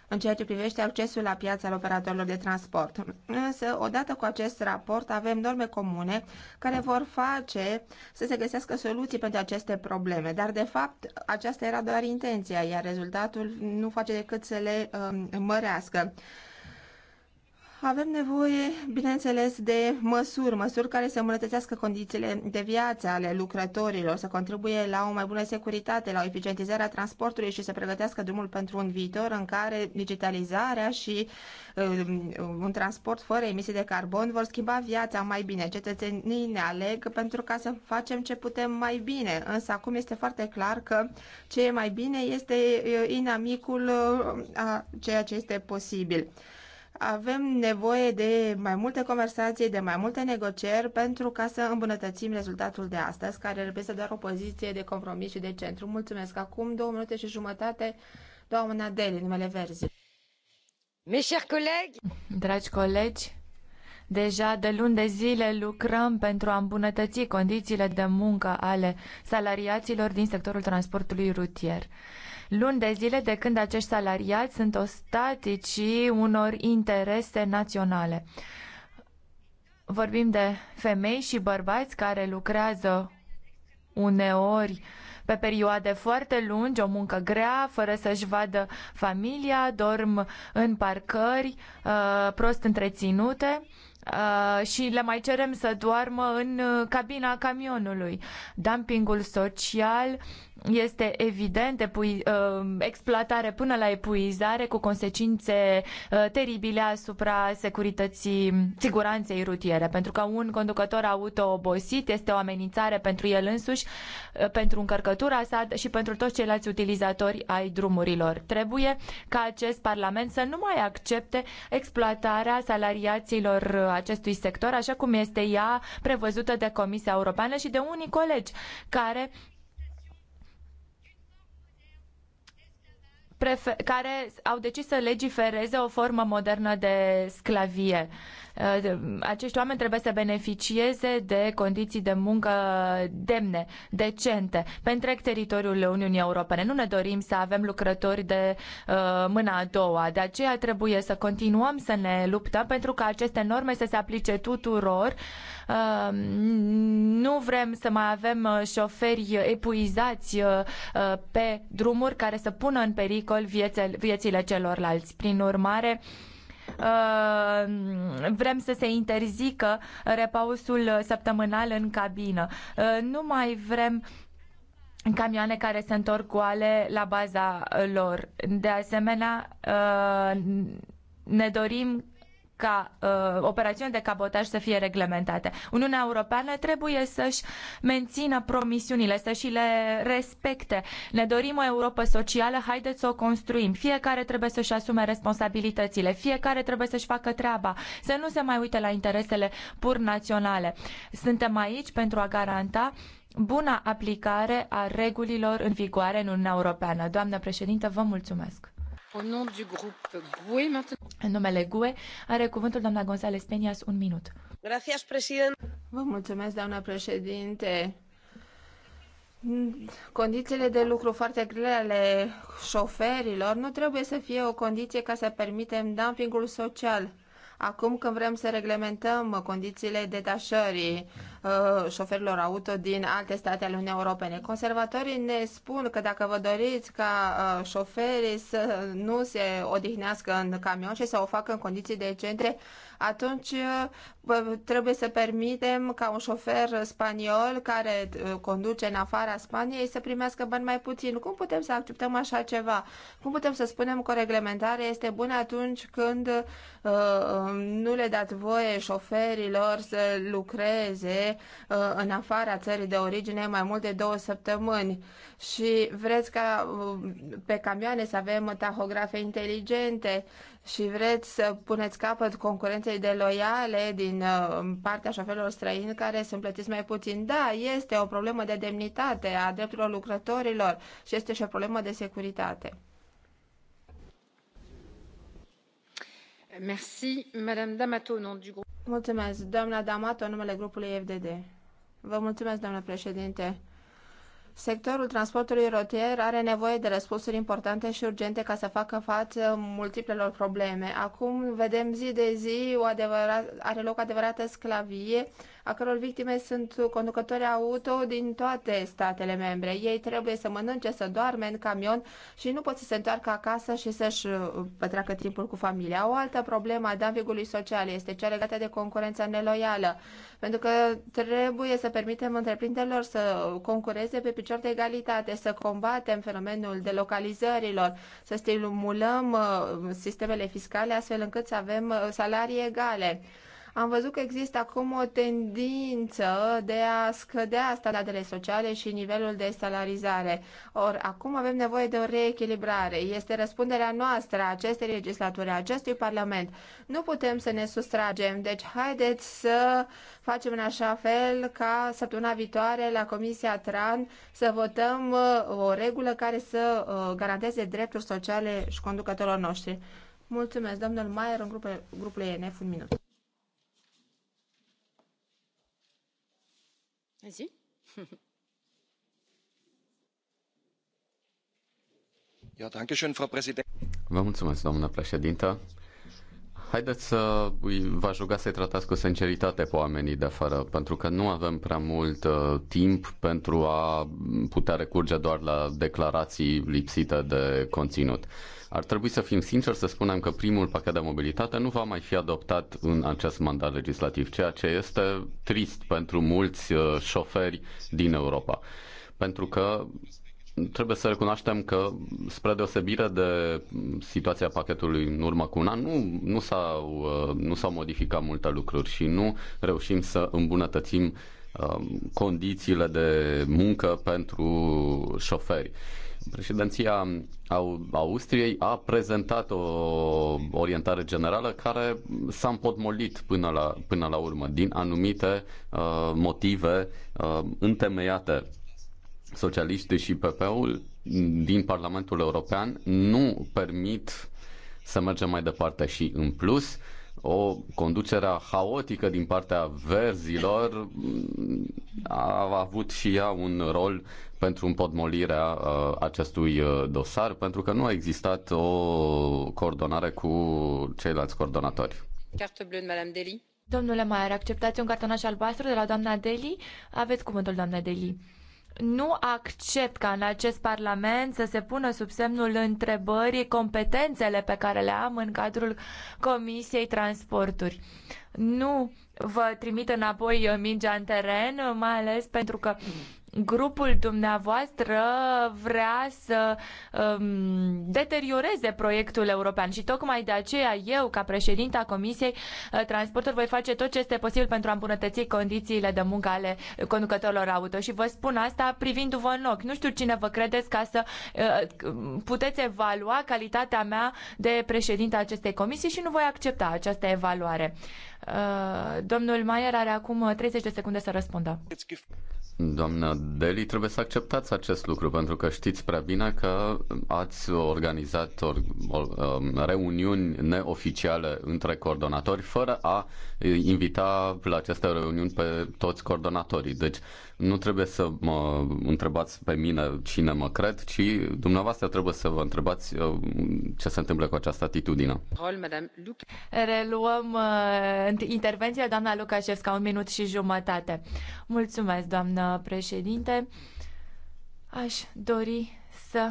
în ceea ce privește accesul la piața al operatorilor de transport. Însă, odată cu acest raport, avem norme comune care vor face să se găsească soluții pentru aceste probleme. Dar, de fapt, aceasta era doar intenția, iar rezultatul nu face decât să le um, mărească. Avem nevoie, bineînțeles, de măsuri, măsuri care să îmbunătățească condițiile de viață ale lucrătorilor, să contribuie la o mai bună securitate, la o eficientizare a transportului și să pregătească drumul pentru un viitor în care digitalizarea și um, un transport fără emisii de carbon vor schimba viața mai bine. Cetățenii ne aleg pentru ca să facem ce putem mai bine, însă acum este foarte clar că ce e mai bine este uh, inamicul uh, a ceea ce este posibil avem nevoie de mai multe conversații, de mai multe negocieri pentru ca să îmbunătățim rezultatul de astăzi, care reprezintă doar o poziție de compromis și de centru. Mulțumesc. Acum două minute și jumătate, doamna Deli, numele Verzi. Mes chers collègues, dragi colegi, Deja de luni de zile lucrăm pentru a îmbunătăți condițiile de muncă ale salariaților din sectorul transportului rutier luni de zile de când acești salariați sunt ostaticii unor interese naționale. Vorbim de femei și bărbați care lucrează uneori pe perioade foarte lungi, o muncă grea, fără să-și vadă familia, dorm în parcări, uh, prost întreținute Uh, și le mai cerem să doarmă în uh, cabina camionului. Dumpingul social este evident epu- uh, exploatare până la epuizare cu consecințe teribile asupra securității, siguranței rutiere, pentru că un conducător auto obosit este o amenințare pentru el însuși, pentru încărcătura sa și pentru toți ceilalți utilizatori ai drumurilor. Trebuie ca acest parlament să nu mai accepte exploatarea salariaților acestui sector, așa cum este ea prevăzută de Comisia Europeană și de unii colegi care care au decis să legifereze o formă modernă de sclavie. Uh, Uh, acești oameni trebuie să beneficieze de condiții de muncă demne, decente, pe întreg teritoriul Uniunii Europene. Nu ne dorim să avem lucrători de uh, mâna a doua, de aceea trebuie să continuăm să ne luptăm pentru ca aceste norme să se aplice tuturor. Uh, nu vrem să mai avem uh, șoferi epuizați uh, uh, pe drumuri care să pună în pericol viețe, viețile celorlalți. Prin urmare, uh, Uh, vrem să se interzică repausul săptămânal în cabină. Uh, nu mai vrem camioane care se întorc goale la baza lor. De asemenea, uh, ne dorim ca uh, operațiuni de cabotaj să fie reglementate. Uniunea Europeană trebuie să-și mențină promisiunile, să și le respecte. Ne dorim o Europă socială, haideți să o construim. Fiecare trebuie să-și asume responsabilitățile, fiecare trebuie să-și facă treaba, să nu se mai uite la interesele pur naționale. Suntem aici pentru a garanta buna aplicare a regulilor în vigoare în Uniunea Europeană. Doamnă președintă, vă mulțumesc. În numele GUE are cuvântul doamna González Penias, un minut. Gracias, Vă mulțumesc, doamna președinte. Condițiile de lucru foarte grele ale șoferilor nu trebuie să fie o condiție ca să permitem dumpingul social. Acum când vrem să reglementăm condițiile detașării uh, șoferilor auto din alte state ale Uniunii Europene, conservatorii ne spun că dacă vă doriți ca uh, șoferii să nu se odihnească în camion și să o facă în condiții decente, atunci uh, trebuie să permitem ca un șofer spaniol care uh, conduce în afara Spaniei să primească bani mai puțin. Cum putem să acceptăm așa ceva? Cum putem să spunem că o reglementare este bună atunci când uh, um, nu le dați voie șoferilor să lucreze uh, în afara țării de origine mai mult de două săptămâni și vreți ca uh, pe camioane să avem tahografe inteligente? și vreți să puneți capăt concurenței de loiale din uh, partea șoferilor străini care sunt plătiți mai puțin. Da, este o problemă de demnitate a drepturilor lucrătorilor și este și o problemă de securitate. Merci, Madame D'Amato, nom du groupe. Mulțumesc, doamna D'Amato, numele grupului FDD. Vă mulțumesc, doamna președinte. Sectorul transportului rotier are nevoie de răspunsuri importante și urgente ca să facă față multiplelor probleme. Acum vedem zi de zi o adevărat, are loc adevărată sclavie, a căror victime sunt conducători auto din toate statele membre. Ei trebuie să mănânce, să doarme în camion și nu pot să se întoarcă acasă și să-și uh, petreacă timpul cu familia. O altă problemă a dumpingului social este cea legată de concurența neloială, pentru că trebuie să permitem întreprinderilor să concureze pe picior de egalitate, să combatem fenomenul delocalizărilor, să stimulăm uh, sistemele fiscale astfel încât să avem uh, salarii egale. Am văzut că există acum o tendință de a scădea standardele sociale și nivelul de salarizare. Or, acum avem nevoie de o reechilibrare. Este răspunderea noastră a acestei legislaturi, a acestui Parlament. Nu putem să ne sustragem, deci haideți să facem în așa fel ca săptămâna viitoare la Comisia TRAN să votăm uh, o regulă care să uh, garanteze drepturi sociale și conducătorilor noștri. Mulțumesc, domnul Maier, în grupul, grupul ENF, un minut. Vă mulțumesc, doamnă președintă. Haideți să vă aș ruga să-i tratați cu sinceritate pe oamenii de afară, pentru că nu avem prea mult uh, timp pentru a putea recurge doar la declarații lipsite de conținut. Uh, ar trebui să fim sinceri să spunem că primul pachet de mobilitate nu va mai fi adoptat în acest mandat legislativ, ceea ce este trist pentru mulți uh, șoferi din Europa. Pentru că trebuie să recunoaștem că, spre deosebire de situația pachetului în urmă cu un an, nu, nu, s-au, uh, nu s-au modificat multe lucruri și nu reușim să îmbunătățim uh, condițiile de muncă pentru șoferi. Președinția Austriei a prezentat o orientare generală care s-a împotmolit până la, până la urmă din anumite uh, motive uh, întemeiate. Socialiștii și PP-ul din Parlamentul European nu permit să mergem mai departe și în plus uh, o conducere haotică din partea verzilor a avut și ea un rol pentru împodmolirea acestui dosar, pentru că nu a existat o coordonare cu ceilalți coordonatori. Carte bleu de Madame Deli. Domnule Maier, acceptați un cartonaș albastru de la doamna Deli? Aveți cuvântul, doamna Deli nu accept ca în acest Parlament să se pună sub semnul întrebării competențele pe care le am în cadrul Comisiei Transporturi. Nu vă trimit înapoi mingea în teren, mai ales pentru că grupul dumneavoastră vrea să um, deterioreze proiectul european și tocmai de aceea eu, ca președinta Comisiei uh, Transporturi, voi face tot ce este posibil pentru a îmbunătăți condițiile de muncă ale conducătorilor auto și vă spun asta privindu-vă în ochi. Nu știu cine vă credeți ca să uh, puteți evalua calitatea mea de președinta acestei comisii și nu voi accepta această evaluare. Uh, domnul Maier are acum 30 de secunde să răspundă. Doamna Deli, trebuie să acceptați acest lucru, pentru că știți prea bine că ați organizat or, um, reuniuni neoficiale între coordonatori fără a invita la aceste reuniuni pe toți coordonatorii. Deci nu trebuie să mă întrebați pe mine cine mă cred, ci dumneavoastră trebuie să vă întrebați uh, ce se întâmplă cu această atitudine. Reluăm uh, intervenția doamna Lucașevska, un minut și jumătate. Mulțumesc, doamnă președinte. Aș dori să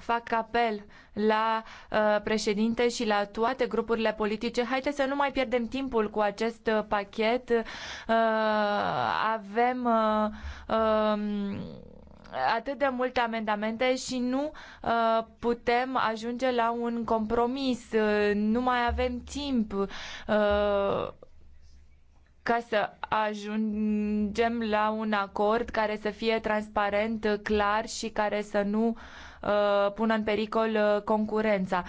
fac apel la uh, președinte și la toate grupurile politice. Haideți să nu mai pierdem timpul cu acest uh, pachet. Uh, avem uh, um, atât de multe amendamente și nu uh, putem ajunge la un compromis. Uh, nu mai avem timp ca să ajungem la un acord care să fie transparent, clar și care să nu uh, Uh, pună în pericol uh, concurența.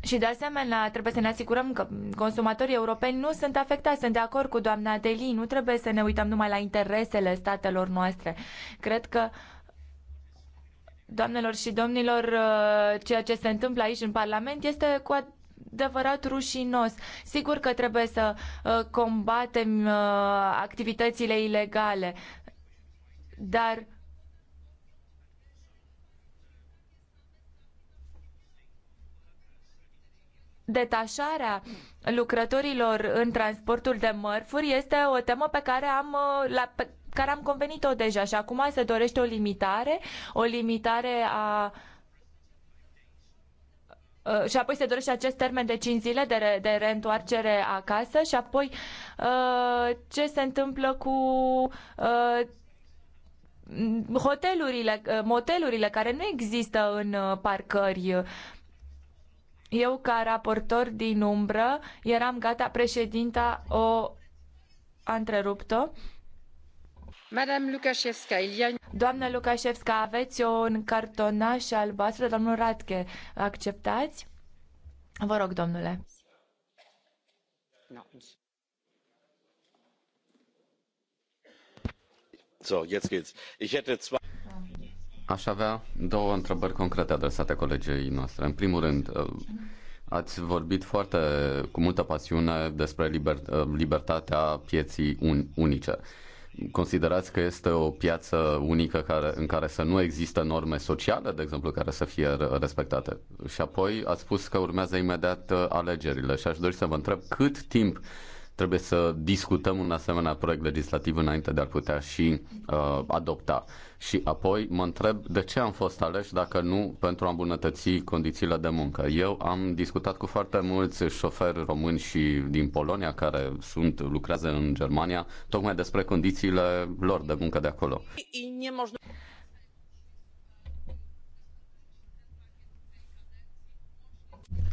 Și de asemenea, trebuie să ne asigurăm că consumatorii europeni nu sunt afectați. Sunt de acord cu doamna Deli, nu trebuie să ne uităm numai la interesele statelor noastre. Cred că Doamnelor și domnilor, uh, ceea ce se întâmplă aici în Parlament este cu adevărat rușinos. Sigur că trebuie să combatem activitățile ilegale, dar detașarea lucrătorilor în transportul de mărfuri este o temă pe care am, uh, la, pe care am convenit-o deja și acum se dorește o limitare, o limitare a uh, și apoi se dorește acest termen de 5 zile de, re, de reîntoarcere acasă și apoi uh, ce se întâmplă cu hotelurile, motelurile care nu există în parcări eu, ca raportor din umbră, eram gata, președinta o a întrerupt-o. Doamna Lukashevska, aveți un cartonaș albastru, domnul Radke, acceptați? Vă rog, domnule. No. So, jetzt geht's. Ich hätte zwei Aș avea două întrebări concrete adresate colegii noastre. În primul rând, uh, ați vorbit foarte cu multă pasiune despre liber, uh, libertatea pieții un, unice. Considerați că este o piață unică care, în care să nu există norme sociale, de exemplu, care să fie respectate? Și apoi ați spus că urmează imediat uh, alegerile și aș dori să vă întreb cât timp trebuie să discutăm un asemenea proiect legislativ înainte de a-l putea și uh, adopta. Uh, și apoi mă întreb de ce am fost aleși dacă nu pentru a îmbunătăți condițiile de muncă. Eu am discutat cu foarte mulți șoferi români și din Polonia care sunt lucrează în Germania tocmai despre condițiile lor de muncă de acolo.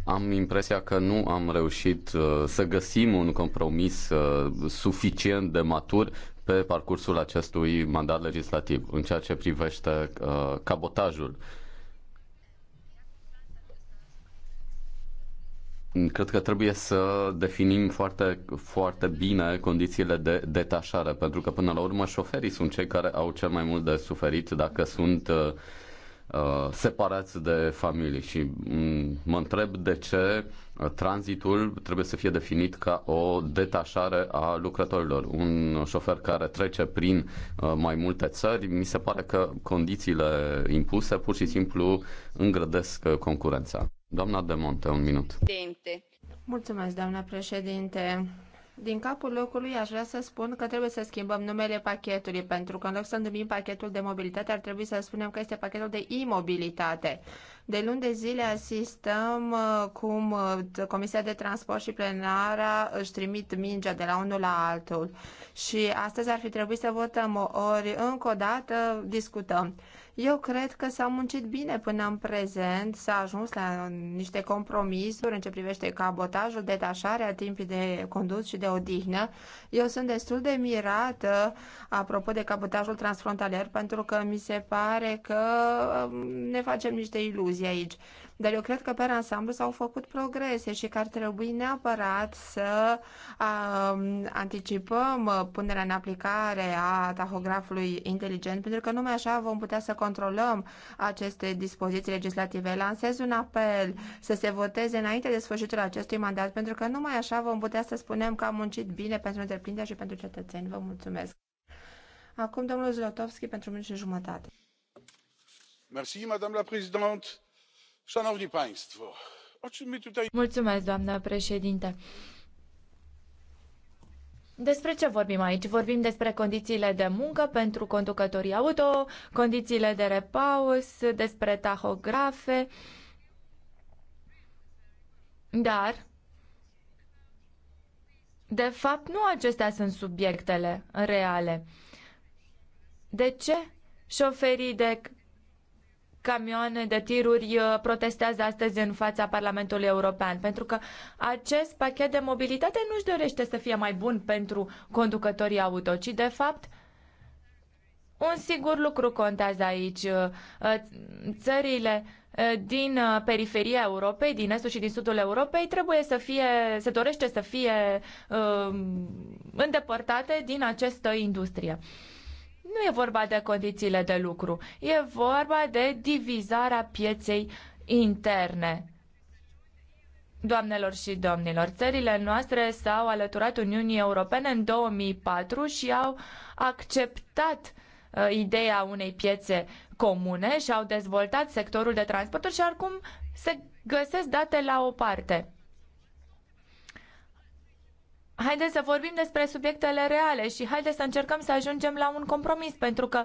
Am impresia că nu am reușit uh, să găsim un compromis uh, suficient de matur pe parcursul acestui mandat legislativ în ceea ce privește uh, cabotajul. Cred că trebuie să definim foarte, foarte bine condițiile de detașare, pentru că până la urmă șoferii sunt cei care au cel mai mult de suferit dacă sunt uh, Uh, separați de familie și mm, mă întreb de ce uh, tranzitul trebuie să fie definit ca o detașare a lucrătorilor. Un șofer care trece prin uh, mai multe țări, mi se pare că condițiile impuse pur și simplu îngrădesc concurența. Doamna de Monte, un minut. Mulțumesc, doamna președinte. Din capul locului aș vrea să spun că trebuie să schimbăm numele pachetului, pentru că în loc să numim pachetul de mobilitate, ar trebui să spunem că este pachetul de imobilitate. De luni de zile asistăm uh, cum uh, Comisia de Transport și Plenara își trimit mingea de la unul la altul. Și astăzi ar fi trebuit să votăm ori încă o dată discutăm. Eu cred că s-a muncit bine până în prezent, s-a ajuns la niște compromisuri în ce privește cabotajul, detașarea timpii de condus și de odihnă. Eu sunt destul de mirată apropo de cabotajul transfrontalier pentru că mi se pare că um, ne facem niște iluzii aici. Dar eu cred că pe ansamblu s-au făcut progrese și că ar trebui neapărat să uh, anticipăm punerea în aplicare a tahografului inteligent, pentru că numai așa vom putea să controlăm aceste dispoziții legislative. Lansez un apel să se voteze înainte de sfârșitul acestui mandat, pentru că numai așa vom putea să spunem că am muncit bine pentru întreprinderi și pentru cetățeni. Vă mulțumesc! Acum domnul Zlotovski pentru minut și jumătate. Merci, madame la présidente. Mulțumesc, doamnă președinte. Despre ce vorbim aici? Vorbim despre condițiile de muncă pentru conducătorii auto, condițiile de repaus, despre tahografe. Dar, de fapt, nu acestea sunt subiectele reale. De ce șoferii de camioane de tiruri uh, protestează astăzi în fața Parlamentului European, pentru că acest pachet de mobilitate nu își dorește să fie mai bun pentru conducătorii auto, ci de fapt un singur lucru contează aici. Uh, țările uh, din periferia Europei, din estul și din sudul Europei, trebuie să fie, se dorește să fie îndepărtate din această industrie. Nu e vorba de condițiile de lucru, e vorba de divizarea pieței interne. Doamnelor și domnilor, țările noastre s-au alăturat Uniunii Europene în 2004 și au acceptat uh, ideea unei piețe comune și au dezvoltat sectorul de transporturi și acum se găsesc date la o parte haideți să vorbim despre subiectele reale și haideți să încercăm să ajungem la un compromis, pentru că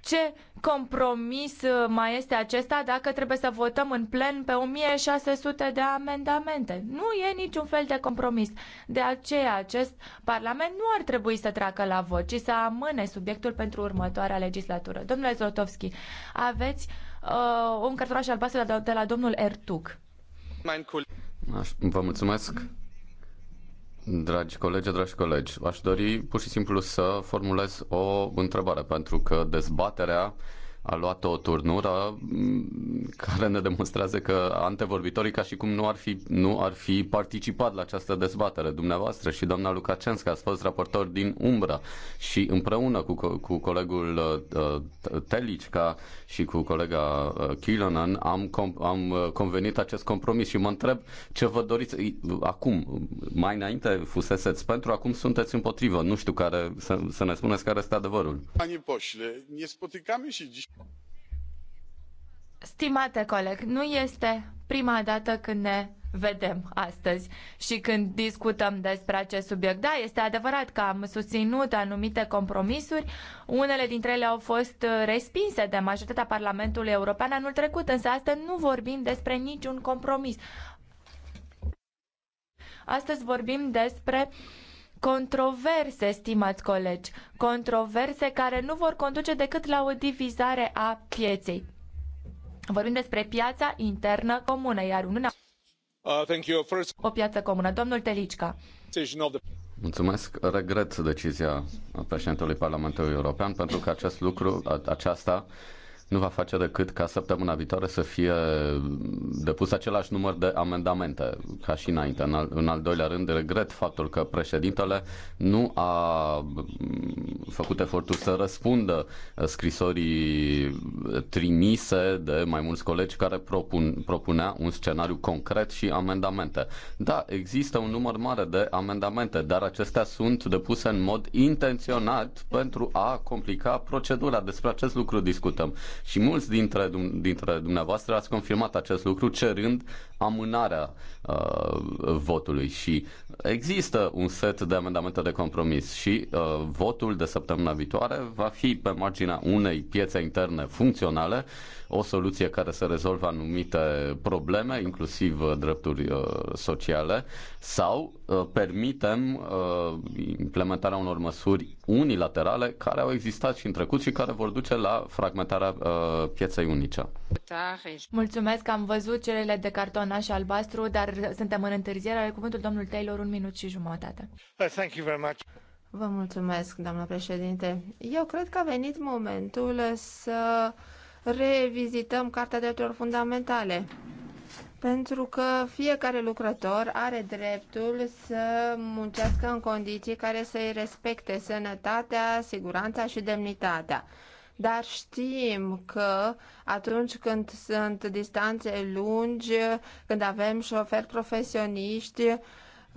ce compromis uh, mai este acesta dacă trebuie să votăm în plen pe 1600 de amendamente? Nu e niciun fel de compromis. De aceea, acest Parlament nu ar trebui să treacă la vot, ci să amâne subiectul pentru următoarea legislatură. Domnule Zlotovski, aveți uh, un cărturaș albastru de la domnul Ertug. Vă mulțumesc. Dragi colegi, dragi colegi, aș dori pur și simplu să formulez o întrebare, pentru că dezbaterea a luat o turnură mm, care ne demonstrează că antevorbitorii ca și cum nu ar fi, nu ar fi participat la această dezbatere. Dumneavoastră și doamna Lucacenska ați fost raportor din Umbra și împreună cu, cu colegul uh, Telicca și cu colega uh, Kilonan am, com- am uh, convenit acest compromis și mă întreb ce vă doriți acum. Mai înainte fuseseți pentru, acum sunteți împotrivă. Nu știu care, să, să ne spuneți care este adevărul. Pani pośle, nie spotykamy się dziś. Stimate coleg, nu este prima dată când ne vedem astăzi și când discutăm despre acest subiect. Da, este adevărat că am susținut anumite compromisuri, unele dintre ele au fost uh, respinse de majoritatea Parlamentului European anul trecut, însă astăzi nu vorbim despre niciun compromis. Astăzi vorbim despre uh, controverse, stimați colegi, controverse care nu vor conduce decât la o divizare a pieței. Vorbim despre piața internă comună, iar Uniunea uh, o piață comună. Domnul Telicica. Mulțumesc. Regret decizia președintelui Parlamentului European pentru că acest lucru, aceasta nu va face decât ca săptămâna viitoare să fie depus același număr de amendamente ca și înainte. În al, în al doilea rând, regret faptul că președintele nu a făcut efortul să răspundă scrisorii trimise de mai mulți colegi care propun, propunea un scenariu concret și amendamente. Da, există un număr mare de amendamente, dar acestea sunt depuse în mod intenționat pentru a complica procedura. Despre acest lucru discutăm. Și mulți dintre, dintre dumneavoastră ați confirmat acest lucru cerând amânarea uh, votului și Există un set de amendamente de compromis și uh, votul de săptămâna viitoare va fi pe marginea unei piețe interne funcționale, o soluție care să rezolvă anumite probleme, inclusiv uh, drepturi uh, sociale, sau uh, permitem uh, implementarea unor măsuri unilaterale care au existat și în trecut și care vor duce la fragmentarea uh, pieței unice. Mulțumesc, am văzut celele de cartonaș albastru, dar suntem în întârziere. Are cuvântul domnul Taylor un minut și jumătate. Thank you very much. Vă mulțumesc, doamnă președinte. Eu cred că a venit momentul să revizităm Carta Drepturilor Fundamentale. Pentru că fiecare lucrător are dreptul să muncească în condiții care să-i respecte sănătatea, siguranța și demnitatea. Dar știm că atunci când sunt distanțe lungi, când avem șoferi profesioniști,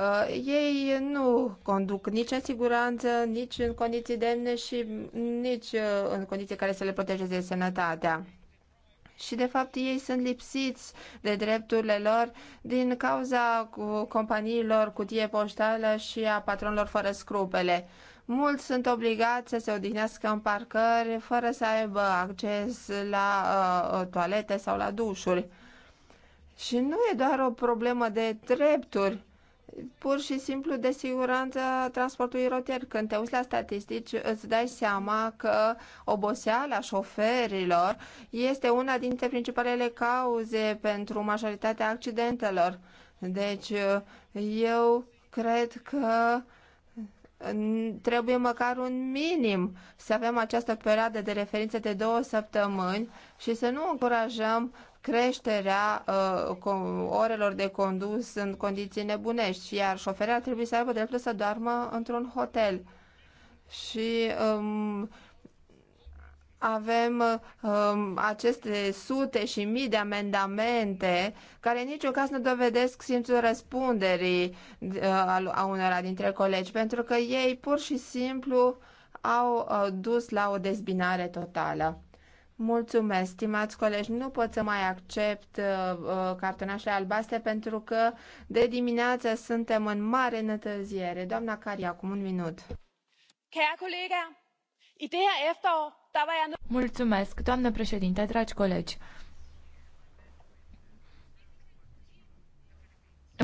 Uh, ei nu conduc nici în siguranță, nici în condiții demne și nici uh, în condiții care să le protejeze sănătatea. Și, de fapt, ei sunt lipsiți de drepturile lor din cauza companiilor cutie poștală și a patronilor fără scrupele. Mulți sunt obligați să se odihnească în parcări fără să aibă acces la uh, uh toalete sau la dușuri. Și nu e doar o problemă de drepturi, pur și simplu de siguranță transportului rotier. Când te uiți la statistici, îți dai seama că oboseala șoferilor este una dintre principalele cauze pentru majoritatea accidentelor. Deci, eu cred că trebuie măcar un minim să avem această perioadă de referință de două săptămâni și să nu încurajăm creșterea uh, orelor de condus în condiții nebunești, iar șoferii ar trebui să aibă dreptul să doarmă într-un hotel. Și um, avem um, aceste sute și mii de amendamente care în niciun caz nu dovedesc simțul răspunderii uh, a unora dintre colegi, pentru că ei pur și simplu au uh, dus la o dezbinare totală. Mulțumesc, stimați colegi. Nu pot să mai accept uh, uh, cartonașele albastre pentru că de dimineață suntem în mare întârziere. Doamna Cari, acum un minut. Kære colega, ideea det her efterår, Mulțumesc, doamnă președinte, dragi colegi.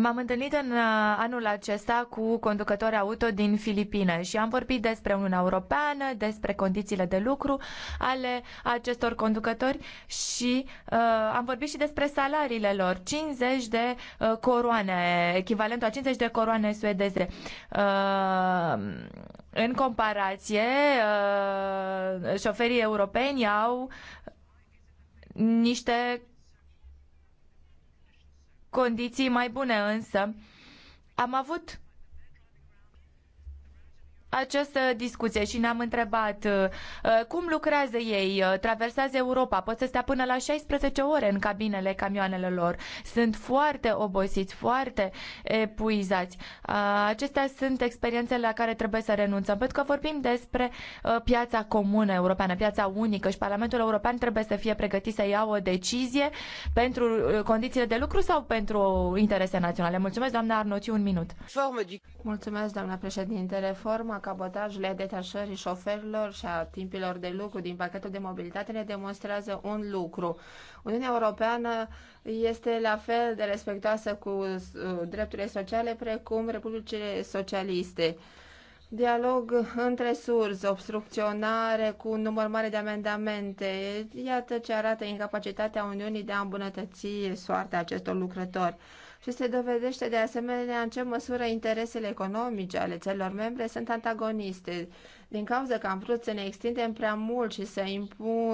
M-am întâlnit în uh, anul acesta cu conducători auto din Filipine și am vorbit despre Uniunea Europeană, despre condițiile de lucru ale acestor conducători și uh, am vorbit și despre salariile lor. 50 de uh, coroane, echivalentul a 50 de coroane suedeze. Uh, în comparație, uh, șoferii europeni au niște condiții mai bune, însă am avut această discuție și ne-am întrebat uh, uh, cum lucrează ei, uh, traversează Europa, pot să stea până la 16 ore în cabinele camioanelor lor, sunt foarte obosiți, foarte epuizați. Acestea sunt experiențele la care trebuie să renunțăm, pentru că vorbim despre piața comună europeană, piața unică și Parlamentul European trebuie să fie pregătit să ia o decizie pentru condițiile de lucru sau pentru interese naționale. Mulțumesc, doamna Arnoci, un minut. Mulțumesc, doamna președinte. Reforma problema cabotajului, a detașării șoferilor și a timpilor de lucru din pachetul de mobilitate ne demonstrează un lucru. Uniunea Europeană este la fel de respectoasă cu uh, drepturile sociale precum Republicile Socialiste. Dialog între surzi, obstrucționare cu un număr mare de amendamente. Iată ce arată incapacitatea Uniunii de a îmbunătăți soarta acestor lucrători și se dovedește de asemenea în ce măsură interesele economice ale țărilor membre sunt antagoniste. Din cauza că am vrut să ne extindem prea mult și să impun,